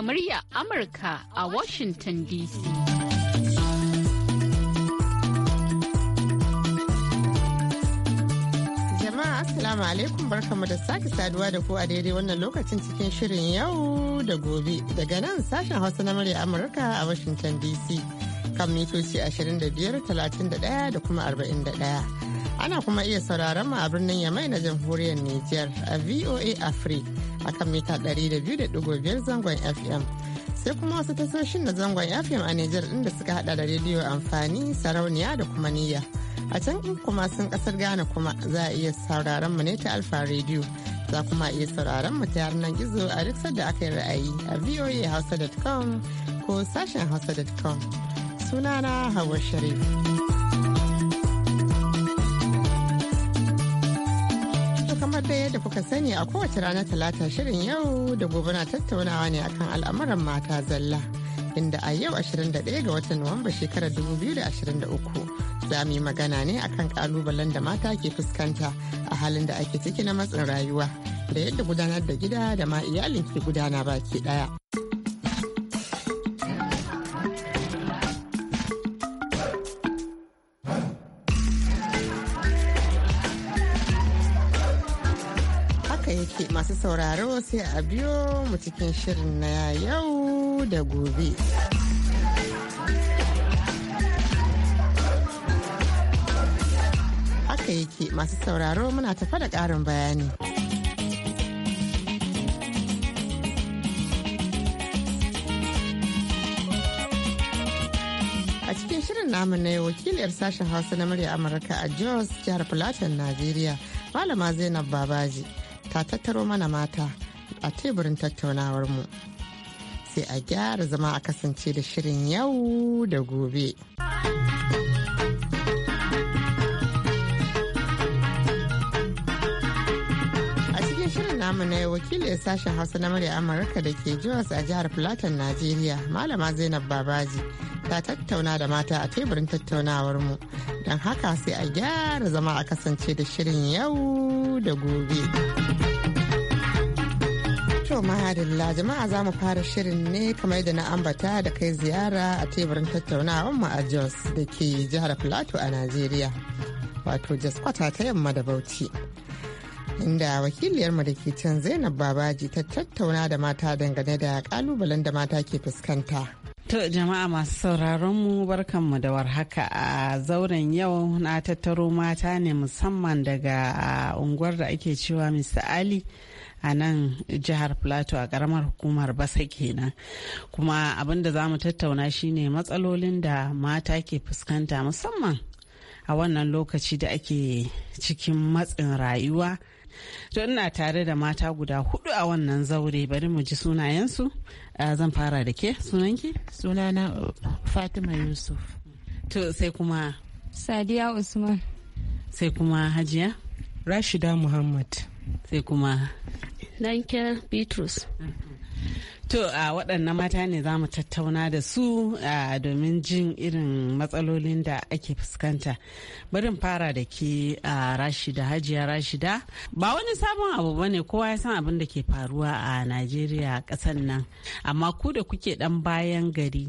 daga murya Amurka a Washington DC. Jama'a Assalamu alaikum barkamu da sake saduwa da ku a daidai wannan lokacin cikin shirin yau da gobe daga nan sashen Hausa na murya Amurka a Washington DC kan mitoci 25, 31 da kuma 41. ana kuma iya sauraron mu a birnin yamai na jamhuriyar Nijar a VOA Africa akan mita 200.5 zangon FM. Sai kuma wasu tasoshin na zangon FM a Nijar inda suka hada da rediyo amfani, sarauniya da kuma niyya. A can in kuma sun kasar Ghana kuma za a iya sauraron mu ne ta Alfa rediyo. Za kuma iya sauraron mu ta yanar gizo a duk sadda aka yi ra'ayi a voahausa.com ko sashen hausa.com. Sunana Hawa Sharif. Ka sani a kowace rana talata shirin yau da gobe na tattaunawa ne akan al'amuran mata zalla inda a yau 21 ga watan Nuwamba shekarar 2023 za mu yi magana ne akan kalubalen da mata ke fuskanta a halin da ake ciki na matsin rayuwa da yadda gudanar da gida da ma iyalin ke gudana baki daya. masu sauraro sai a biyo mu cikin shirin na yau da gobe. Haka yake masu sauraro muna tafa da ƙarin bayani. A cikin shirin namu na yau wakiliyar sashen Hausa na murya Amurka a Jos, jihar Plateau, Najeriya, Malama Zainab Babaji. ta tattaro mana mata a teburin tattaunawar mu sai a gyara zama a kasance da shirin yau da gobe. namu na wakilin sashen hausa na murya amurka da ke jos a jihar filatin najeriya malama zainab babaji ta tattauna da mata a teburin tattaunawar mu don haka sai a gyara zama a kasance da shirin yau da gobe to mahadilla jama'a za mu fara shirin ne kamar da na ambata da kai ziyara a teburin tattaunawar mu a jos da ke jihar plateau a najeriya wato jos kwata ta yamma da bauchi inda wakiliyarmu da ke can zainab babaji ta tattauna da mata dangane da kalubalen da mata ke fuskanta To jama'a masu sauraron mu barkanmu da warhaka a zauren yau na tattaro mata ne musamman daga unguwar da ake cewa Mr. Ali a nan jihar Plateau a karamar hukumar Basa kenan. Kuma abinda da za mu tattauna shine matsalolin da mata ke fuskanta musamman a wannan lokaci da ake cikin matsin rayuwa To ina tare da mata guda hudu a wannan zaure bari mu ji sunayensu. Zan fara da ke sunanki? Sunana Fatima Yusuf. To sai kuma? Sadiya Usman. Sai kuma Hajiya? Rashida Muhammad. Sai kuma? Danke Bitrus. To a waɗannan mata ne za mu tattauna da su a domin jin irin matsalolin da ake fuskanta. Barin fara da ke a Rashida Hajiya Rashida. Ba wani sabon abu ba ne kowa ya san abin da ke faruwa a Najeriya ƙasar nan. Amma ku da kuke ɗan bayan gari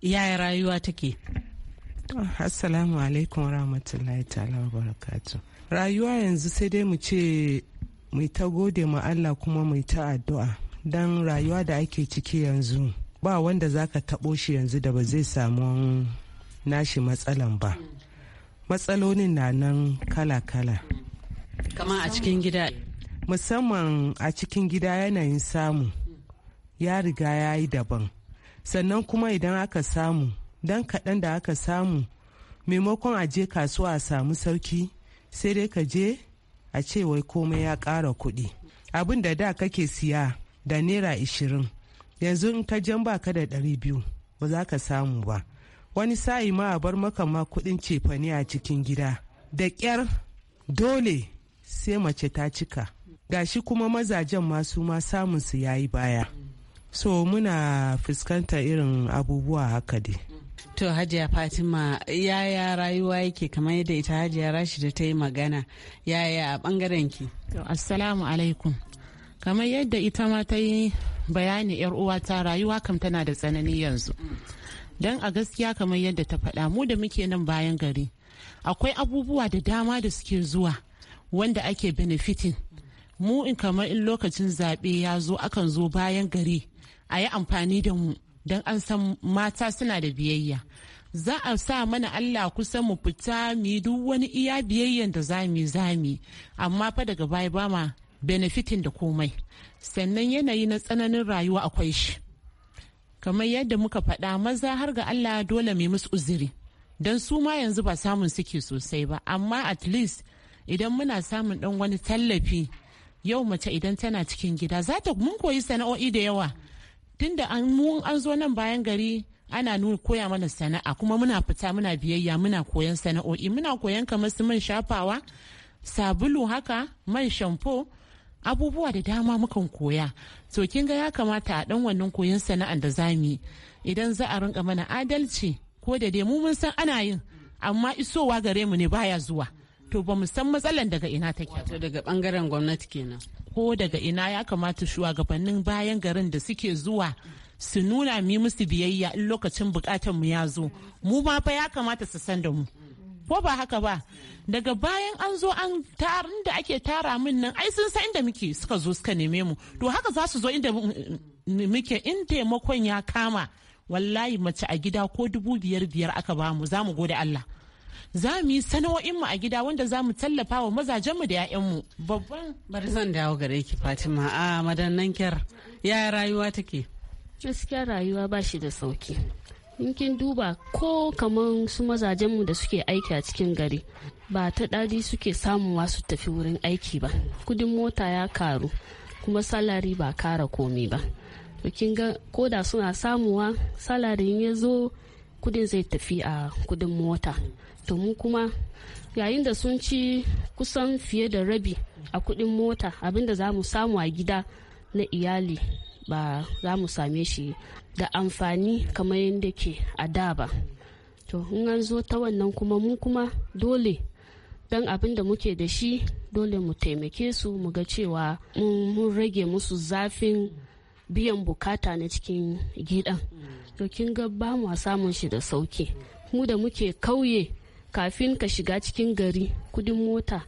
yaya rayuwa take? Assalamu alaikum rahmatullahi ta'ala wa barakatu. Rayuwa yanzu sai dai mu ce mu ta gode ma Allah kuma mu ta addu'a. don rayuwa da ake ciki yanzu ba wanda za ka taɓo shi yanzu da ba zai samu nashi matsalan ba matsalolin na nan kala-kala kama a cikin gida musamman a cikin gida yanayin samu ya riga ya yi daban sannan kuma idan aka samu dan kaɗan da aka samu maimakon a je kasuwa a samu sauki sai dai ka je a ce wai komai ya ƙara kuɗi abin da da kake siya da naira ishirin yanzu in ka jan baka da ɗari biyu ba za ka samu ba wani sa'i ma a bar maka ma kuɗin cefane a cikin gida da ƙyar dole sai mace ta cika gashi kuma mazajen masu ma samun su yayi baya so muna fuskantar irin abubuwa haka dai To Hajiya Fatima yaya rayuwa yake kamar yadda ita Hajiya Rashida ta yi magana yaya a bangaren ki? To Assalamu alaikum. kamar yadda ita ma ta yi bayani yar uwa ta rayuwa kam tana da tsanani yanzu don a gaskiya kamar yadda ta faɗa mu da muke nan bayan gari akwai abubuwa da dama da suke zuwa wanda ake benefitin mu in kamar in lokacin zaɓe ya zo akan zo bayan gari a yi amfani da mu don an san mata suna da biyayya za a sa mana Allah kusan mu fita mu yi duk wani iya biyayyan da zami zami amma fa daga baya ba ma benefitin da komai sannan yanayi na tsananin rayuwa akwai shi kamar yadda muka faɗa maza har ga allah dole mai musu uzuri don su ma yanzu ba samun suke sosai ba amma at least idan muna samun ɗan wani tallafi yau mace idan tana cikin gida za ta mun koyi sana'o'i da yawa tunda an zo nan bayan gari ana nuna koya mana sana'a kuma muna fita muna biyayya muna koyan sana'o'i muna koyan kamar su man shafawa sabulu haka man shamfo abubuwa da dama mukan koya to kin ga ya kamata a dan wannan koyon sana'an da zamu idan za a rinka mana adalci ko da dai mu mun san ana yin amma isowa gare mu ne baya zuwa to ba mu san matsalan daga ina take to daga bangaren gwamnati kenan ko daga ina ya kamata shugabannin bayan garin da suke zuwa su nuna mi musu biyayya in lokacin bukatan mu ya zo mu ma fa ya kamata su san da mu ko ba haka ba daga bayan an zo an tarin da ake tara min nan ai sun san inda muke suka zo suka neme mu to haka za su zo inda muke in taimakon ya kama wallahi mace a gida ko dubu biyar biyar aka bamu za mu gode Allah za mu yi mu a gida wanda za mu tallafa wa mazajenmu da 'ya'yan mu babban bari zan dawo gare ki fatima a madannan kyar yaya rayuwa take gaskiya rayuwa ba shi da sauki in kin duba ko kaman su mazajenmu da suke aiki a cikin gari ba ta ɗari suke samun su tafi wurin aiki ba kudin mota ya karu kuma salari ba kara komi ba kin ga ko da suna samuwa salarin ya zo kudin zai tafi a kudin mota to mu kuma yayin da sun ci kusan fiye da rabi a kudin mota abinda za mu samu a gida na iyali ba za mu same shi da amfani kamar yadda ke a da ba to in an zo ta wannan kuma mu kuma dole don abin da muke da shi dole mu taimake su mu ga cewa mun rage musu zafin biyan bukata na cikin gidan to kin ga ba mu samun shi da sauki mu da muke kauye kafin ka shiga cikin gari kudin mota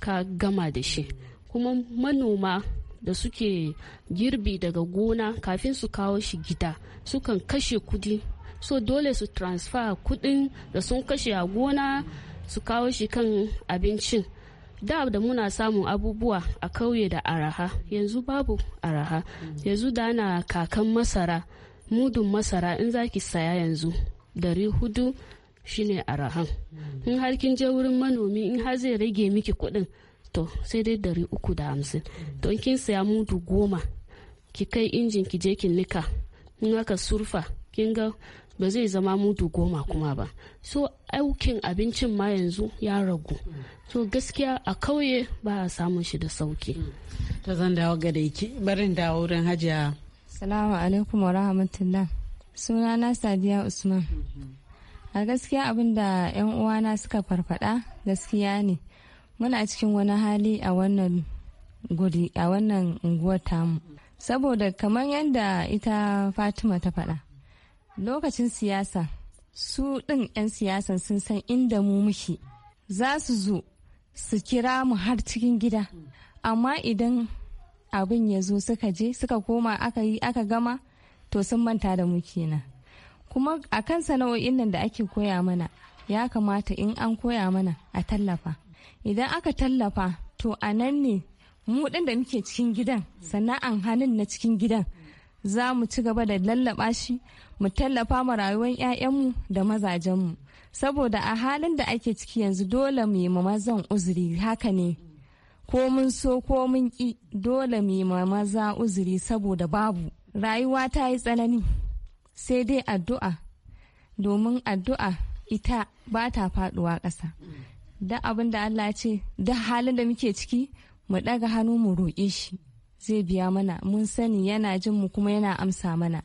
ka gama da shi kuma manoma da suke girbi daga gona kafin su kawo shi gida sukan kashe kudi so dole su transfer kudin da sun kashe a gona su kawo shi kan abincin da da muna samun abubuwa a kauye da araha yanzu babu araha yanzu da na kakan masara mudun masara in zaki saya yanzu dari hudu shine arahan in har kin je wurin manomi in har zai rage miki kudin to sai dai dari uku da hamsin to in kin saya mudu goma ki kai injin ki je ki nika in aka surfa kin ga ba zai zama mudu goma kuma ba so aukin abincin ma yanzu ya ragu so gaskiya a kauye ba a samun shi da sauki ta zan dawo ga da barin dawo wurin hajiya salamu alaikum wa rahmatullah sunana sadiya usman mhm. a gaskiya abin da 'yan uwana suka farfada gaskiya ne muna cikin wani hali a wannan guri a wannan unguwar tamu saboda kamar yadda ita fatima ta faɗa lokacin siyasa su ɗin 'yan siyasan sun san inda mu muke za su zo su kira mu har cikin gida amma idan abin ya zo suka je suka koma aka yi aka gama to sun manta da mu kenan kuma a kan sana'o'in nan da ake koya mana ya kamata in an koya mana a tallafa idan aka tallafa to a nan ne mu ɗin da muke cikin gidan sana'an hannun na cikin gidan za mu ci gaba da lallaba shi mu tallafa ma rayuwar 'ya'yanmu da mazajenmu saboda a halin da ake ciki yanzu dole mu yi ma mazan uzuri haka ne ko mun so ko mun ki dole mu yi ma maza uzuri saboda babu rayuwa ta yi tsanani sai dai addu'a domin addu'a ita ba ta faduwa ƙasa da abin da Allah ce da halin da muke ciki mu ɗaga hannu mu roƙe shi zai biya mana mun sani yana jin mu kuma yana amsa mana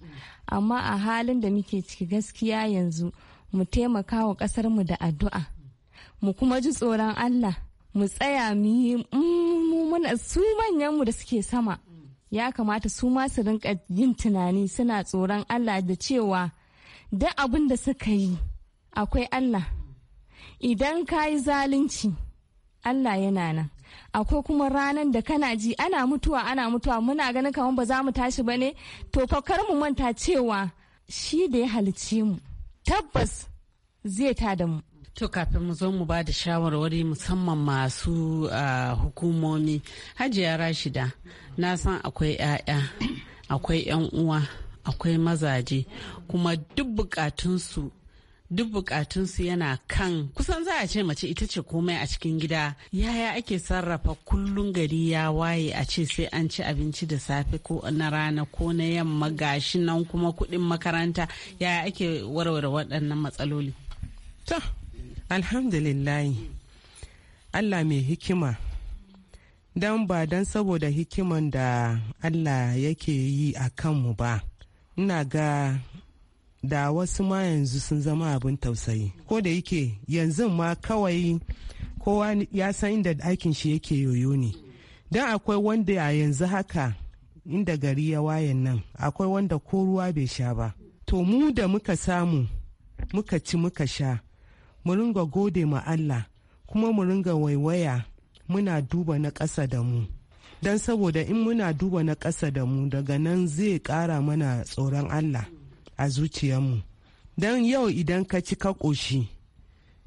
amma a halin da muke ciki gaskiya yanzu mu taimaka wa ƙasar mu da addu'a mu kuma ji tsoron Allah mu tsaya mu yi mm, mu su manyan mu da suke sama ya kamata su ma su rinka yin tunani suna tsoron Allah da cewa duk abin da suka yi akwai Allah idan ka yi zalunci Allah yana nan akwai kuma ranar da kana ji ana mutuwa ana mutuwa muna ganin kamar ba za mu tashi ba ne to kar mu manta cewa shi da ya halice mu tabbas zai ta da mu To kafin mu zo mu ba da shawarwari musamman masu hukumomi hajiya rashida na san akwai 'ya'ya akwai 'yan uwa akwai mazaje kuma duk bukatunsu duk bukatunsu yana kan kusan za a ce mace ita ce komai a cikin gida yaya ake sarrafa kullun gari ya waye a ce sai an ci abinci da safe ko na rana ko na yamma gashi nan kuma kudin makaranta yaya ake warware waɗannan matsaloli alhamdulillahi allah mai hikima don ba don saboda hikiman da allah yake yi a kanmu ba ina ga da wasu ma yanzu sun zama abin tausayi ko da yake yanzu ma kawai kowa ya san inda aikin shi yake yoyo ne don akwai wanda a yanzu haka inda gari ya wayan nan akwai wanda ko ruwa bai sha ba to mu da muka samu muka ci muka sha mu ringa gode ma Allah kuma mu ringa waiwaya muna duba na ƙasa da mu don saboda in muna duba na ƙasa da mu daga nan zai ƙara mana tsoron Allah a zuciyarmu don yau idan ka ci ka ƙoshi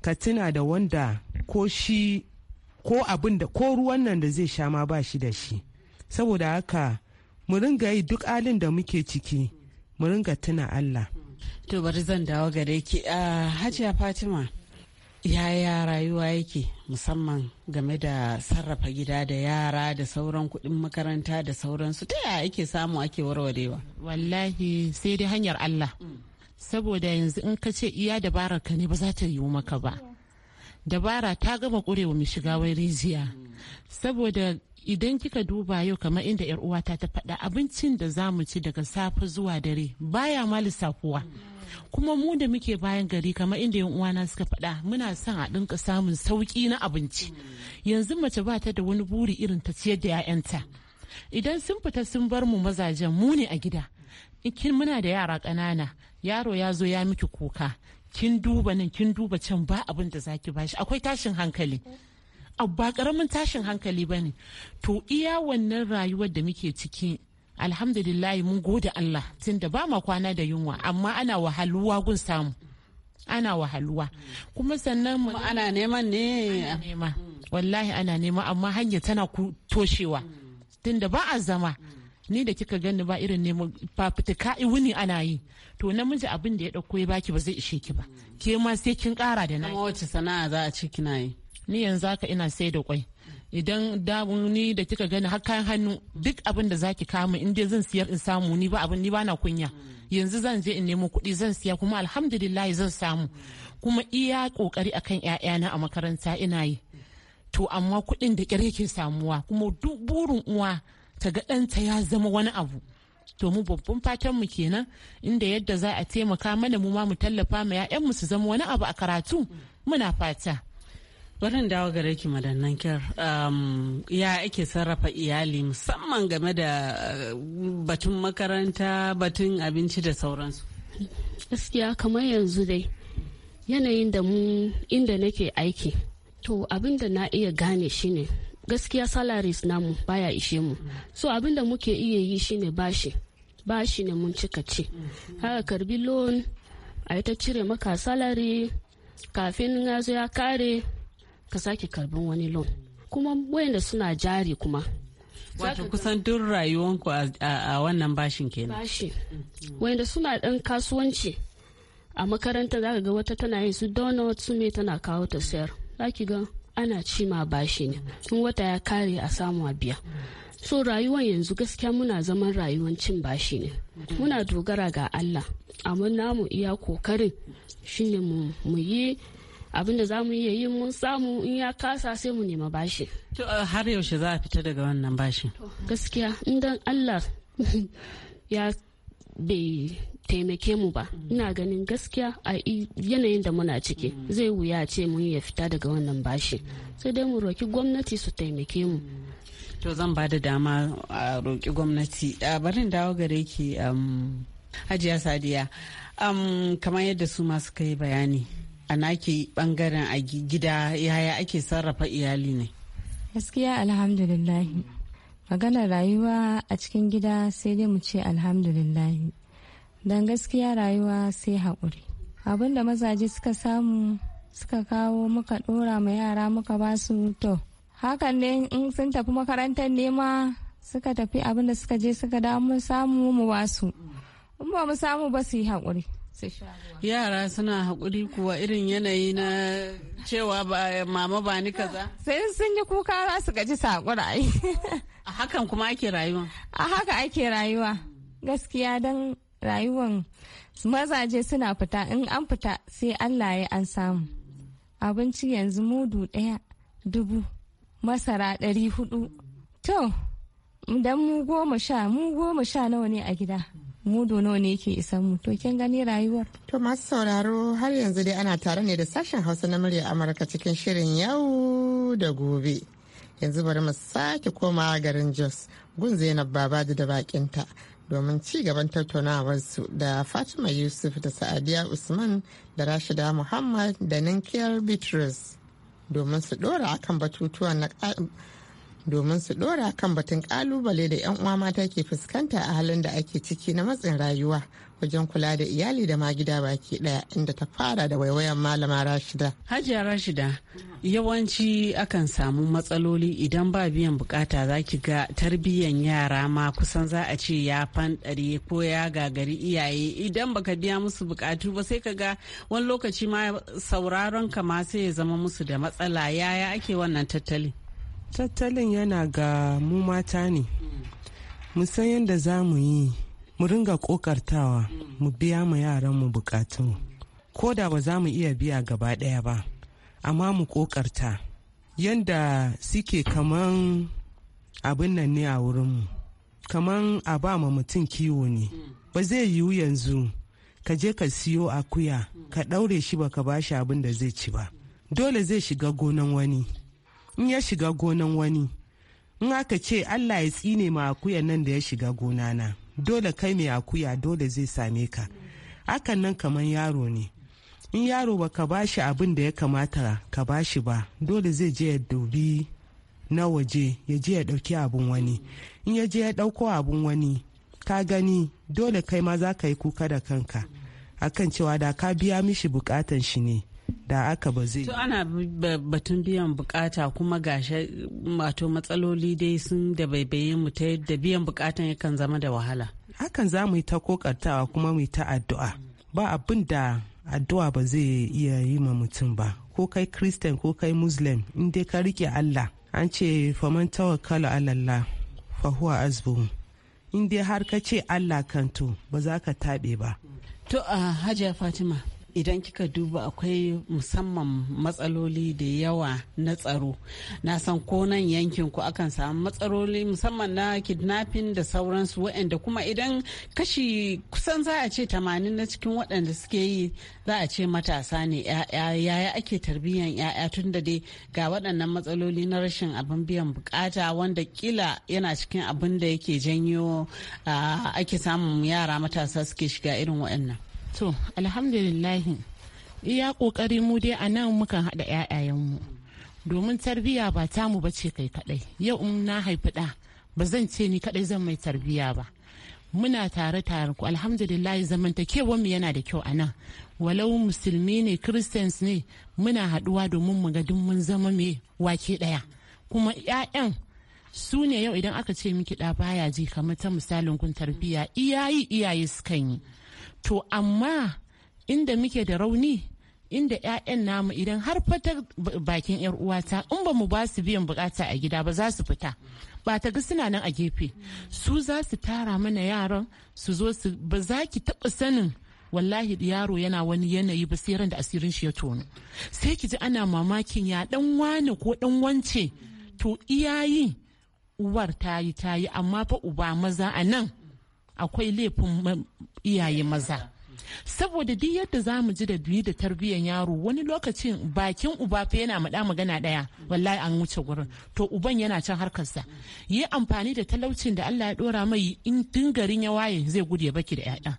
ka tuna da wanda ko shi ko abin da ko ruwan nan da zai sha ma ba shi da shi saboda haka mu ringa yi duk alin da muke ciki mu ringa tuna Allah to bari zan dawo gare ki ah, hajiya Fatima yaya rayuwa yake musamman game da sarrafa gida da yara da sauran kuɗin makaranta da sauransu ta yaya ake samu ake warwarewa wallahi sai dai hanyar allah mm. saboda yanzu in ka ce iya dabarar ka ne ba za ta yiwu maka ba dabara ta gama ƙurewa mai shiga wai rijiya mm. saboda idan kika duba yau kamar inda yar uwata ta faɗa abincin da za mu ci daga safe zuwa dare baya ma lissafuwa mm. kuma mu da muke bayan gari kamar inda yan uwana suka faɗa muna son a ɗinka samun sauki na abinci yanzu mace ba ta da wani buri irin ta ciyar da 'ya'yanta idan sun fita sun bar mu mazajen mu ne a gida kin muna da yara ƙanana yaro ya zo ya miki kuka kin duba nan kin duba can ba abin da zaki bashi akwai tashin hankali ba ƙaramin tashin hankali ba ne to iya wannan rayuwar da muke ciki alhamdulillahi mun gode Allah tunda ba ma kwana da yunwa amma ana wahaluwa gun samu ana wahaluwa kuma sannan mu ana neman ne ana nema wallahi ana nema amma hanya tana toshewa tunda ba a zama ni da kika gani ba irin neman fafutuka wuni ana yi to namiji abin da ya dauko ya baki ba zai ishe ki ba ke ma sai kin kara da na wace sana'a za a ci kina yi ni yanzu haka ina sai da kwai idan damu da kika gani har kayan hannu duk abin da zaki kama in dai zan siyar in samu ni ba abin ni bana kunya yanzu zan je in nemo kuɗi zan siya kuma alhamdulillah zan samu kuma iya kokari akan ƴaƴana a makaranta ina yi to amma kuɗin da ƙyar yake samuwa kuma duk burin uwa ta ga ɗanta ya zama wani abu to mu babban fatan mu kenan inda yadda za a taimaka mana mu ma mu tallafa ma mu su zama wani abu a karatu muna fata Barin dawo gare ki madannan kyar um, ya ake sarrafa iyali musamman game da uh, batun makaranta batun abinci da sauransu. Gaskiya kamar yanzu dai yanayin da mu inda nake aiki to abin da na iya gane shine gaskiya salaries namu baya ishe mu so abin da muke iya yi shine bashi bashi ne mun cika ce haka karbi loan a ta cire maka salary kafin ya zo ya kare ka sake karban wani loan kuma wayanda suna jari kuma wato kusan duk rayuwanku a wannan bashin kenan bashi wayanda suna dan kasuwanci a makaranta zaka ga wata tana yin su donuts me tana kawo ta sayar zaki ga ana ci ma bashi ne in wata ya kare a samu a biya so rayuwan yanzu gaskiya muna zaman rayuwan cin bashi ne muna dogara ga Allah amma namu iya kokarin shine mu yi abin da za mu iya yi mun samu in ya kasa sai mu nema bashi. To eh, har yaushe za a fita daga wannan bashi? Gaskiya dan Allah ya bai taimake mu ba ina ganin gaskiya a yanayin da muna ciki zai wuya ce mun ya fita daga wannan bashi sai dai mu roki gwamnati su taimake mu to zan ba da dama a roki gwamnati barin dawo gare ki hajiya sadiya kamar yadda su masu kai bayani a naki bangaren a gida yaya ake sarrafa iyali ne gaskiya alhamdulillahi maganar rayuwa a cikin gida sai dai mu ce alhamdulillahi don gaskiya rayuwa sai haƙuri abinda mazaje suka samu suka kawo muka ɗora ma yara muka ba su to hakan ne in sun tafi makarantar nema suka tafi abinda da suka je suka damu samu mu ba su in ba mu samu ba su yi haƙuri yara suna haƙuri kuwa irin yanayi na cewa ba mama ba ni kaza sai sun yi kuka za su gaji saƙura ai a hakan kuma ake rayuwa a haka ake rayuwa gaskiya don rayuwan mazaje suna fita in an fita sai allah ya an samu abinci yanzu mudu ɗaya dubu masara ɗari hudu to dan mu goma sha mu goma sha nawa ne a gida mudu nawa ne yake isan mu to kin gani rayuwar to masu sauraro har yanzu dai ana tare ne da sashen hausa na murya amurka cikin shirin yau da gobe yanzu bari mu sake koma garin jos gun zainab baba da da bakinta domin ci gaban tattaunawar su da fatima yusuf da sa'adiya usman da rashida muhammad da ninkiyar bitrus domin su dora akan batutuwan na domin su dora kan batun kalubale da 'yan uwa mata ke fuskanta a halin da ake ciki na matsin rayuwa wajen kula da iyali da ma gida baki daya inda ta fara da waiwayan malama rashida hajiya rashida yawanci akan samu matsaloli idan ba biyan bukata za ki ga tarbiyyan yara ma kusan za a ce ya fanɗare ko ya gagari iyaye idan baka biya musu bukatu ba sai ka ga wani lokaci ma sauraron ka ma sai ya zama musu da matsala yaya ake wannan tattali tattalin yana ga mu mata ne mu san yadda za mu yi mu ringa kokartawa mu biya mu yaran mu bukatu ko da ba za mu iya biya gaba daya ba amma mu kokarta yadda suke kaman abin nan ne a wurinmu kaman a ba ma mutum kiwo ne ba zai yiwu yanzu ka je ka siyo akuya ka daure shi ba ka bashi abin da zai ci ba dole zai shiga gonan wani in ya shiga gonan wani in aka ce allah ya tsine ma akuya nan da ya shiga gona na dole kai mai akuya dole zai same ka hakan nan kamar yaro ne in yaro ba ka bashi abin da ya kamata ka bashi ba dole zai je ya dubi na waje ya je ya dauki abin wani in ya je ya dauko abin wani ka gani dole kai ma za ka yi kuka da kanka akan cewa da ka biya mishi bukatan shi ne da aka ba zai. To ana batun biyan bukata kuma gashe mato matsaloli dai sun da baibaye mu ta yadda biyan bukatan yakan zama da wahala. Hakan za mu yi ta kokartawa kuma mu yi ta addu'a. Ba abin da addu'a ba zai iya yi ma mutum ba. Ko kai Christian ko kai Muslim in dai ka rike Allah. An ce fa man tawakkala fa fahuwa azbu. In dai har ka ce Allah kanto ba za ka taɓe ba. To a ah, Hajiya Fatima. idan kika duba akwai musamman matsaloli da yawa na tsaro na san ko nan yankin ku akan samu matsaloli musamman na kidnapping da sauransu waɗanda kuma idan kashi kusan za a ce tamanin na cikin waɗanda suke yi za a ce matasa ne yaya ake tarbiyyan yaya tun da dai ga waɗannan matsaloli na rashin abin biyan bukata wanda kila yana cikin abin da yake janyo ah, ake samun yara matasa suke shiga irin waɗannan to alhamdulillah iya kokari mu dai a nan mukan haɗa ƴaƴayenmu domin tarbiyya ba ta mu bace kai kaɗai yau in na haifi ɗa ba zan ce ni kaɗai zan mai tarbiya ba muna tare tare ku alhamdulillah mu yana da kyau a nan walau musulmi ne christians ne muna haɗuwa domin mu ga mun zama mai wake ɗaya kuma ƴaƴan su ne yau idan aka ce miki ɗa baya ji kamar ta misalin kun tarbiyya iyayi iyaye sukan yi to amma inda muke da rauni inda 'ya'yan namu idan har fata bakin 'yar uwata in ba mu ba su biyan bukata a gida ba za su fita ba ta ga suna nan a gefe su za su tara mana yaran su zo su ba za ki taba sanin wallahi yaro yana wani yanayi ba sai ran da asirin shi ya tono sai ki ji ana mamakin ya dan wane ko dan wance to iyayi uwar ta yi ta yi amma fa uba maza a nan akwai laifin iyaye maza saboda duk yadda za mu ji da biyu da tarbiyyar yaro wani lokacin bakin uba fa yana maɗa magana ɗaya wallahi an wuce gurin to uban yana can harkarsa yi amfani da talaucin da Allah ya ɗora mai in garin ya waye zai gudu ya baki da 'ya'ya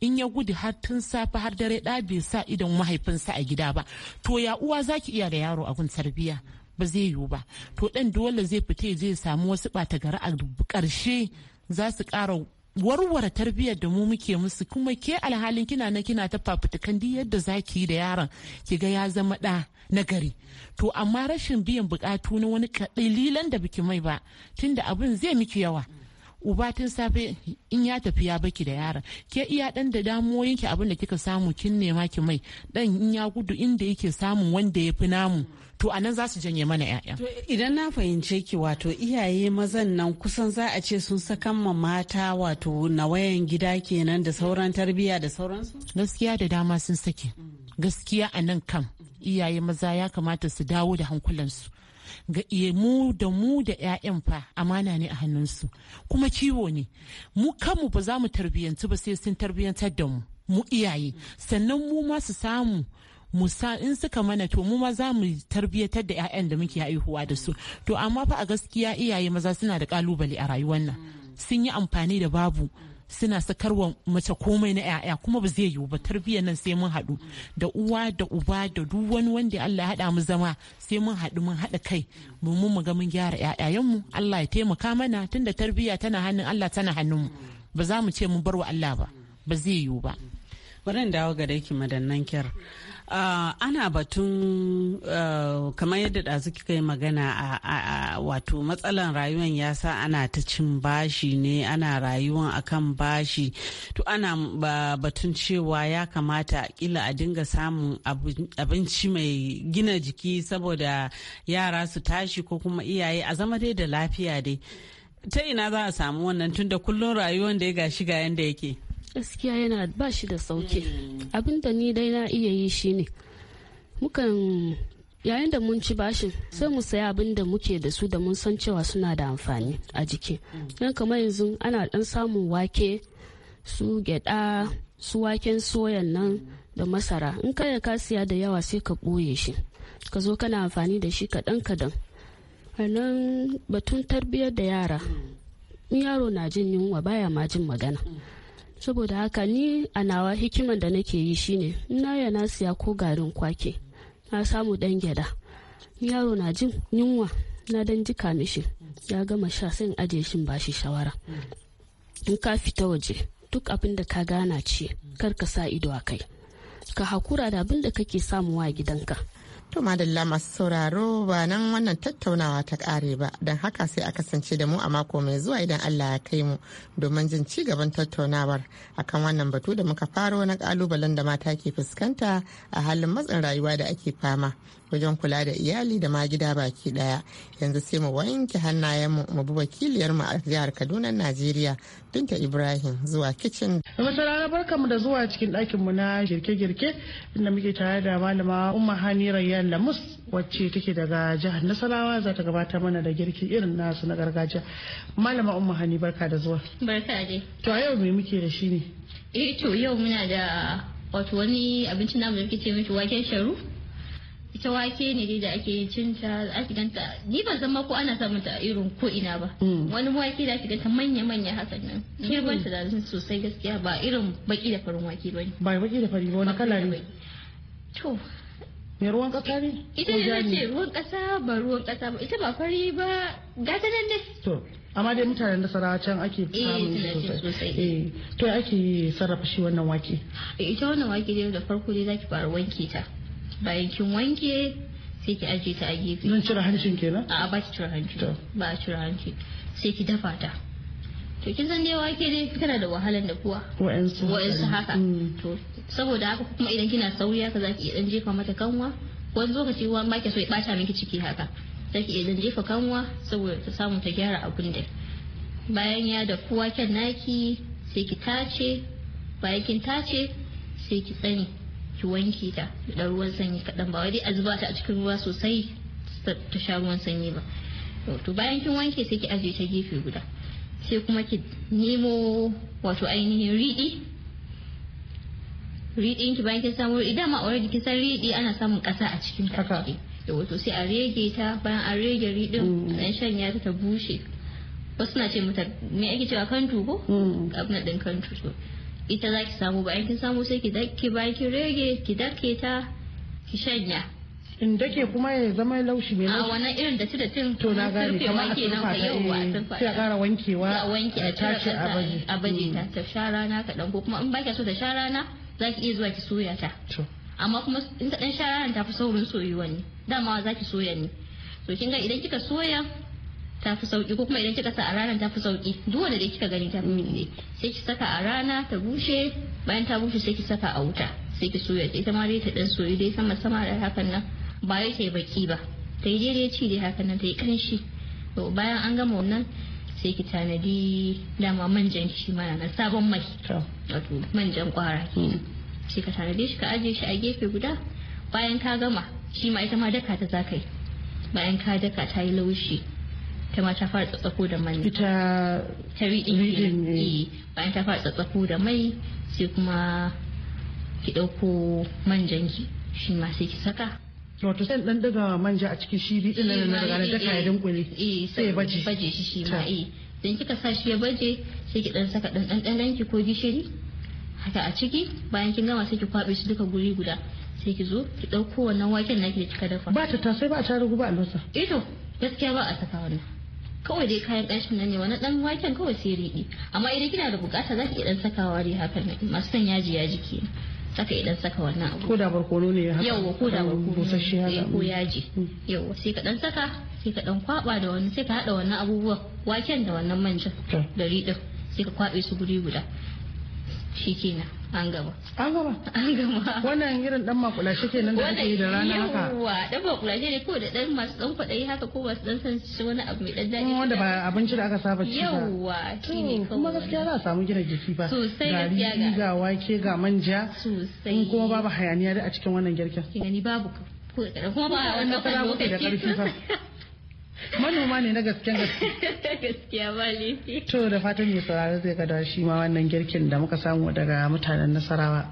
in ya gudu har tun safe har dare ɗa bai sa idan mahaifinsa a gida ba to ya uwa za ki iya da yaro a gun tarbiyya ba zai yiwu ba to ɗan dole zai fita ya je ya samu wasu ɓata gari a ƙarshe za su ƙara warware tarbiyyar da mu muke musu kuma ke alhalin kina na kina ta fafutukan duk yadda za ki yi da yaron ki ga ya zama ɗa na gari to amma rashin biyan bukatu na wani lilan da biki mai ba tunda abin zai miki yawa uba tun safe in ya tafi ya baki da yaron ke iya dan da damoyin ki abin da kika samu kin nema ki mai dan in ya gudu inda yake samun wanda ya fi namu to anan za su janye mana yaya idan na fahimce ki wato iyaye mazan nan kusan za a ce sun sakan ma mata wato na wayan gida kenan da sauran tarbiyya da sauransu gaskiya da dama sun sake gaskiya anan kam iyaye maza ya kamata su dawo da hankulansu ga iya mu da mu da 'ya'yan fa amana ne a hannunsu kuma ciwo ne mu kanmu ba za mu tarbiyyantu ba sai sun tarbiyyantar da mu mu iyaye sannan mu ma su samu musa in suka mana to mu ma za mu tarbiyyantar da 'ya'yan da muke haihuwa da su to amma fa a gaskiya iyaye maza suna da kalubale a rayuwar nan sun yi amfani da babu suna sakarwa mace komai na 'ya'ya kuma ba zai yiwu ba tarbiyyar nan sai mun haɗu da uwa da uba da duk wani wanda Allah ya haɗa mu zama sai mun haɗu mun haɗa kai domin mu ga mun gyara mu Allah ya taimaka mana tunda tarbiyya tana hannun Allah tana hannun mu ba za mu ce mun bar wa Allah ba ba zai yiwu ba. Bari dawo ga daki madannan kyar. Uh, ana batun uh, kamar yadda ɗazu kika yi magana a, uh, uh, wato matsalan rayuwan yasa ana ta cin bashi ne ana rayuwan akan bashi to ana batun cewa ya kamata kila a dinga samun abinci mai gina jiki saboda yara su tashi ko kuma iyaye a zama dai da lafiya dai ta ina za a samu wannan tunda kullum rayuwan da ya gashi ga yanda yake gaskiya yana ba shi da sauki abin da ni dai na iya yi shine mukan yayin da mun ci bashin sai mu saya abin da muke da su da mun san cewa suna da amfani a jiki don kamar yanzu ana dan samun wake su gyada su waken soyan nan da masara in kaya ka siya da yawa sai ka ɓoye shi ka zo kana amfani da shi kaɗan kaɗan nan batun tarbiyyar da yara in yaro na jin yunwa baya ma jin magana saboda haka ni a nawa hikiman da nake yi shine na ya na siya ko garin kwake na samu dan gyada yaro na jin yunwa na dan jika mishi ya gama sha sai ajiye shi ba shi shawara in ka fita waje duk abin da ka gana ce kar ka sa ido a kai ka hakura da abin da kake samuwa a gidanka To madalla masu sauraro ba nan wannan tattaunawa ta kare ba don haka sai a kasance da mu a mako mai zuwa idan Allah ya kai mu domin jin ci gaban tattaunawar akan wannan batu da muka faro na kalubalen da mata ke fuskanta a halin matsin rayuwa da ake fama wajen kula da iyali da ma gida baki daya yanzu sai mu wanke hannayen mu bi wakiliyar mu a jihar Kaduna Najeriya Binta Ibrahim zuwa kicin. Wata rana barka mu da zuwa cikin ɗakin mu na girke-girke inda muke tare da malama Umma Hani Rayyan Lamus wacce take daga jihar Nasarawa za ta gabatar mana da girki irin nasu na gargajiya. Malama Umma Hani barka da zuwa. Barka dai. To a yau me muke da shi ne? Eh to yau muna da wato wani abincin namu da muke ce mishi waken sharu. ita wake ne dai da ake cin ta ake ganta ni ban san ma ko ana samun ta irin ko ina ba mm. wani wake da ake ganta manya manya hakan nan kirban mm. ta da sosai gaskiya ba irin baki da farin wake bane ba baki da fari ba wani kala ne to me ruwan kasa ne ita ne ce ruwan kasa ba ruwan kasa ba ita ba fari ba gata nan ne to amma dai mutanen da sarawa can ake eh, samun sosai eh, to ake sarrafa shi wannan wake eh, ita wannan wake dai da farko dai zaki fara wanke ta bayan kin wanke sai ki aje ta a gefe nan cire hancin kenan a ba ki cire hanci ba a cire hancin. sai ki dafa ta to kin san dai wake dai kana da wahalan da kuwa wa'ansu haka mm. to saboda haka kuma idan kina sauri haka zaki iya dan jefa mata kanwa wani lokaci wani ba ki so ya bata miki ciki haka zaki iya dan jefa kanwa saboda ta samu ta gyara abun da bayan ya da kuwa kyan naki sai ki tace bayan kin tace sai ki tsani ki wanke ta da ruwan sanyi kaɗan ba wai dai a zuba ta a cikin ruwa sosai ta sha ruwan sanyi ba to bayan kin wanke sai ki ajiye ta gefe guda sai kuma ki nemo wato ainihin riɗi riɗin ki bayan kin samu riɗi dama already kin san riɗi ana samun ƙasa a cikin ta wato sai a rege ta bayan an rege riɗin dan mm. shanya ta ta bushe wasu na ce mata me ake cewa kantu ko mm. abin ɗin kantu ita za ki samu bayan kin samu sai ki dake bayan kin rage ki dake ta ki shanya in dake kuma ya zama laushi mai laushi a wannan irin da da to na gane kamar a turfa ta yauwa eh, sai a kara wankewa a wanke a tace a baje a baje ta mm. ta sha rana kaɗan ko kuma in ba ki so ta sha rana za ki iya zuwa ki soya ta amma kuma in ta dan sha ta fi saurin soyuwa ne dama za ki soya ne to kin ga idan kika soya ta fi sauki ko kuma idan kika sa a ranar ta fi sauki duk wanda dai kika gani ta fi ne sai ki saka a rana ta bushe bayan ta bushe sai ki saka a wuta sai ki soya ta ita ma dai ta dan soyi dai sama sama da hakan nan ba yau ta yi baki ba ta yi daidai ci dai hakan nan ta yi kanshi to bayan an gama wannan sai ki tanadi dama manjan shi mana na sabon mai wato manjan kwara kenan sai ka tanade shi ka ajiye shi a gefe guda bayan ka gama shi ma ita ma daka ta zakai bayan ka daka ta yi laushi ta ma ta fara tsatsako da mai ita ta ridin ne e, bayan ta fara tsatsako da mai sai kuma ki dauko manjan ki shi ma sai ki saka wato sai dan daga manja a cikin shi ridin nan na daga na daka ya dunkule e, e, sai baje baje shi shi ma eh dan kika sa shi ya baje sai ki dan saka dan dan ki ko gishiri haka a ciki bayan kin gama sai ki kwabe su duka guri guda sai ki zo ki dauko wannan waken naki da kika dafa ba ta ta sai ba a rugu ba albasa eh to gaskiya ba a saka wannan kawai dai kayan ƙanshin nan ne wani dan waken kawai sai riɗi amma idan kina da bukata za ki iya dan sakawa haka hakan masu son yaji ya jiki saka idan saka wannan abu ko da barkono ne haka yawa ko da barkono ne haka eh, ko yaji mm. yawa sai ka dan saka sai ka dan kwaba da wani sai ka hada wannan abubuwan waken da wannan manjan da riɗin sai ka kwabe su guri guda shikenan an gama an gama an gama wannan irin dan makulashe ke nan da ake yi da rana haka yawa dan makulashe ne ko da dan masu dan kwaɗayi haka ko masu dan san shi wani abu mai dan daɗi mm, wanda ba abinci da aka saba ci ba yawa shine kawai kuma gaskiya za a samu gina jiki ba sosai gaskiya ga ga wake ga manja sosai kuma babu hayaniya da a cikin wannan girkin kin gani babu kuma ba wannan lokaci da karfi fa manoma ne na gasken gaske gaskiya ba laifi to da fatan mai sauraro zai gada shi ma wannan girkin da muka samu daga mutanen nasarawa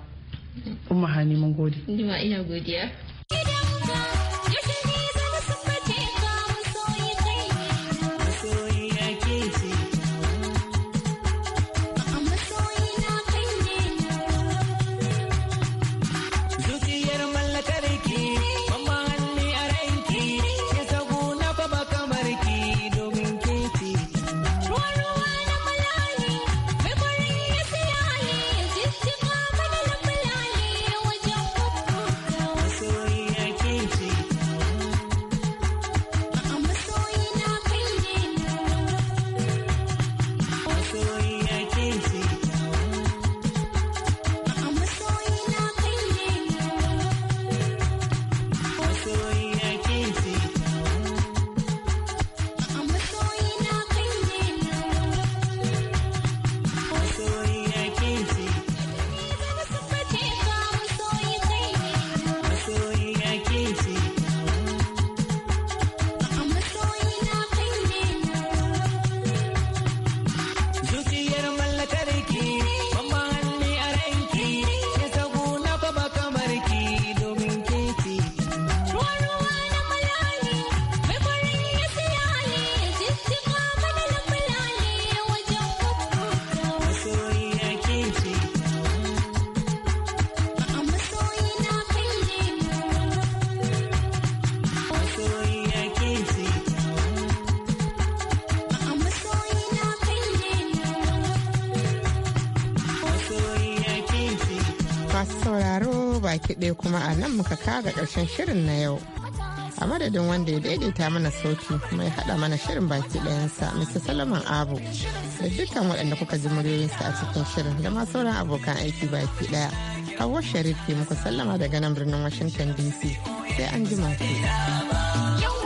umma hani mun gode ina godiya baki ɗaya kuma a nan muka kaga ƙarshen shirin na yau a madadin wanda ya daidaita mana sauki mai haɗa mana shirin baki ɗayansa mr solomon abu da dukkan waɗanda kuka ji muryoyinsa a cikin shirin da ma sauran abokan aiki baki ɗaya Hawwa sharif ke muku sallama daga nan birnin washington dc sai an ji ku.